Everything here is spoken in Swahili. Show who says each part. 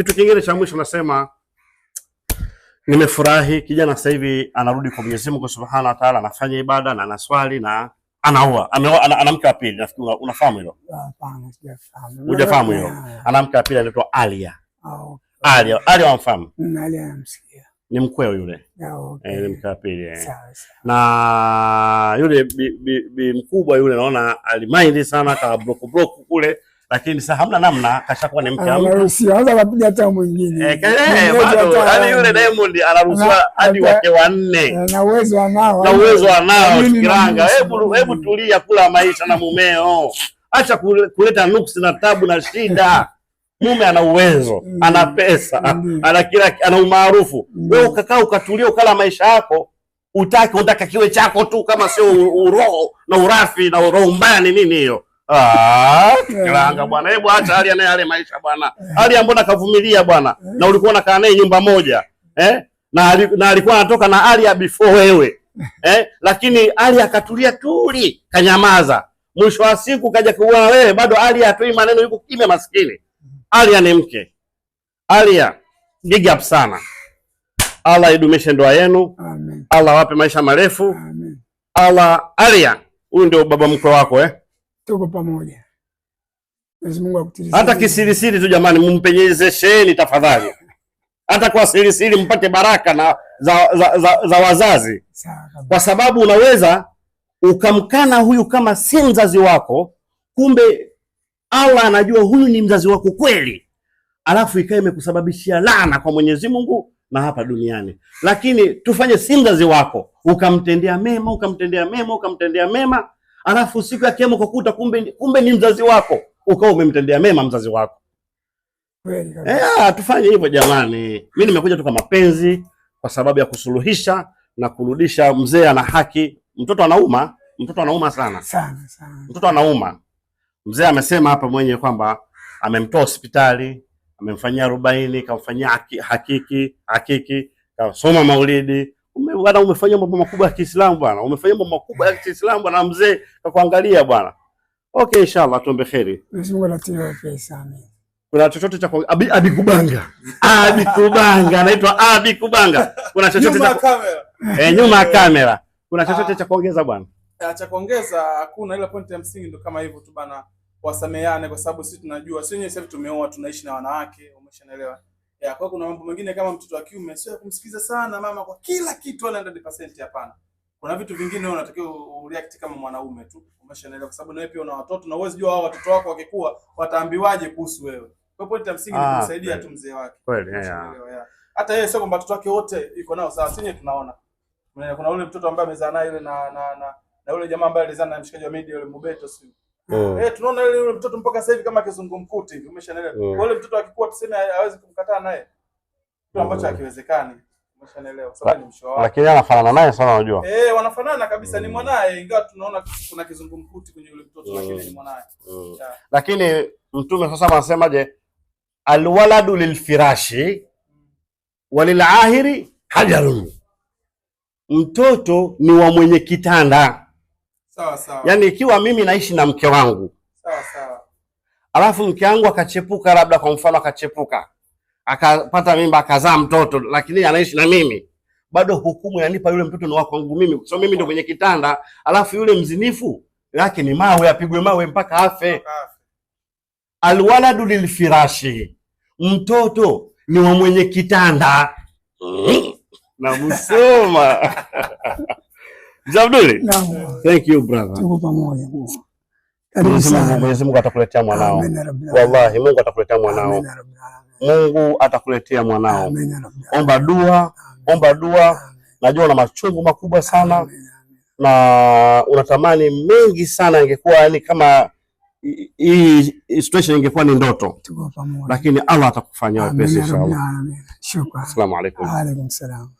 Speaker 1: Kitu kingine cha mwisho nasema nimefurahi, kijana sasa hivi anarudi kwa Mwenyezi Mungu Subhanahu wa Ta'ala, anafanya ibada na anaswali na anaoa, ana mke wa pili. Nafikiri unafahamu hilo, hujafahamu hilo? Ana mke wa pili anaitwa Alia. Ah, Alia, Alia wamfahamu? Mm, ni mkweo yule, ah, eh, ni mke wa pili eh. na yule bi mkubwa yule, naona alimaindi sana ka kule lakini sasa hamna namna, kashakuwa ni mke wangu,
Speaker 2: anza kupiga hata mwingine
Speaker 1: eh, eh bado yani yule Diamond anaruhusiwa hadi wake wanne, eh,
Speaker 2: na uwezo anao,
Speaker 1: na uwezo anao. Kiranga, hebu hebu tulia, kula maisha na mumeo, acha kuleta nuksi na tabu na shida. Mume ana uwezo, mm. ana pesa, mm. ana kila, ana umaarufu. Mm. Wewe ukakaa ukatulia, ukala maisha yako utaki, unataka kiwe chako tu, kama sio uroho na urafi na uroho mbaya ni nini hiyo? kilanga ah, eh. bwana. Hebu acha hali yale maisha bwana. Hali bwana. Eh. Na ulikuwa unakaa naye nyumba moja. Eh? Na, na alikuwa anatoka na hali ya before wewe. Eh? Lakini hali akatulia tuli, kanyamaza. Mwisho wa siku kaja kuona wewe bado hali hatoi maneno yuko kimya maskini. Alia ni mke. Alia, big up sana. Allah idumishe ndoa yenu. Allah wape maisha marefu. Allah, Alia, huyu ndio baba mkwe wako eh?
Speaker 2: tuko pamoja.
Speaker 1: Mwenyezi Mungu akutiriki. Hata kisirisiri tu jamani, mumpenyezesheni tafadhali, hata kwa sirisiri mpate baraka na za, za, za, za wazazi Saka. Kwa sababu unaweza ukamkana huyu kama si mzazi wako, kumbe Allah anajua huyu ni mzazi wako kweli, alafu ikawa imekusababishia laana kwa Mwenyezi Mungu na hapa duniani. Lakini tufanye si mzazi wako, ukamtendea mema ukamtendea mema ukamtendea mema alafu siku ya kiama ukakuta kumbe, kumbe ni mzazi wako ukawa umemtendea mema mzazi wako. Eh, ah, tufanye hivyo jamani. Mimi nimekuja tu kwa mapenzi, kwa sababu ya kusuluhisha na kurudisha. Mzee ana haki, mtoto anauma, mtoto anauma sana sana sana, mtoto anauma. Mzee amesema hapa mwenye kwamba amemtoa hospitali, amemfanyia arobaini, kamfanyia hakiki hakiki, kasoma maulidi bwana, umefanya mambo makubwa ya Kiislamu bwana, umefanya mambo makubwa ya Kiislamu bwana, mzee kakuangalia bwana. Okay, inshallah tuombe kheri.
Speaker 2: Mwenyezi Mungu anatia pesa.
Speaker 1: Kuna chochote cha abi, abi kubanga abi kubanga anaitwa abi kubanga. Kuna chochote cha kamera eh, nyuma ya eh. kamera kuna ah. chochote cha kuongeza bwana?
Speaker 2: Eh, cha kuongeza hakuna, ila point ya msingi ndo kama hivyo tu bwana, wasameane kwa sababu sisi tunajua sisi wenyewe sasa tumeoa, tunaishi na wanawake, umeshaelewa? Ya, kwa kuna mambo mengine kama mtoto wa kiume sio kumsikiza sana mama kwa kila kitu 100%, hapana. Kuna vitu vingine wewe unatakiwa react kama mwanaume tu. Umeshaelewa kwa sababu na wewe pia una watoto na uwezi jua hao watoto wako wakikua wataambiwaje kuhusu wewe. Kwa hiyo point msingi ni ah, kumsaidia tu mzee wake. Kweli, yeah. Hata yeye sio kwamba watoto wake wote iko nao sawa, sisi tunaona. Kuna ule mtoto ambaye amezaa naye yule na na na, na, na ule jamaa ambaye alizaa na mshikaji wa media yule Mobeto sio. Mm. Eh, tunaona yule yule mtoto mpaka sasa hivi kama kizungumkuti hivi, umeshanelewa. Mm. Kwa yule mtoto akikuwa tuseme hawezi kumkataa naye. Kitu mm. ambacho hakiwezekani. Umeshanelewa.
Speaker 1: Sababu ni mshoa wake. Lakini anafanana naye sana unajua.
Speaker 2: Eh, wanafanana kabisa mm. Ni mwanae ingawa tunaona kuna kizungumkuti kwenye yule mtoto mm. Lakini ni mm.
Speaker 1: mwanae. Mm. Yeah. Lakini Mtume sasa anasemaje? Alwaladu lilfirashi walilahiri hajarun. Mtoto ni wa mwenye kitanda mm sawa sawa. Yaani ikiwa mimi naishi na mke wangu sawa sawa, alafu mke wangu akachepuka, labda kwa mfano akachepuka akapata mimba akazaa mtoto, lakini anaishi na mimi bado, hukumu yanipa yule mtoto ni wa kwangu mimi, kwa sababu mimi ndio mwenye kitanda. Alafu yule mzinifu lake ni mawe, apigwe mawe mpaka afe. Alwaladu lilfirashi, mtoto ni wa mwenye kitanda. Namsoma Mwenyezi Mungu atakuletea mwanao, wallahi, Mungu atakuletea mwanao, Mungu atakuletea mwanao. Omba dua, omba dua. Najua una machungu makubwa sana na unatamani mengi sana, ingekuwa yani kama hii situation ingekuwa ni ndoto, lakini Allah atakufanyia wepesi inshallah. Asalamu alaykum. Wa
Speaker 2: alaykum salaam.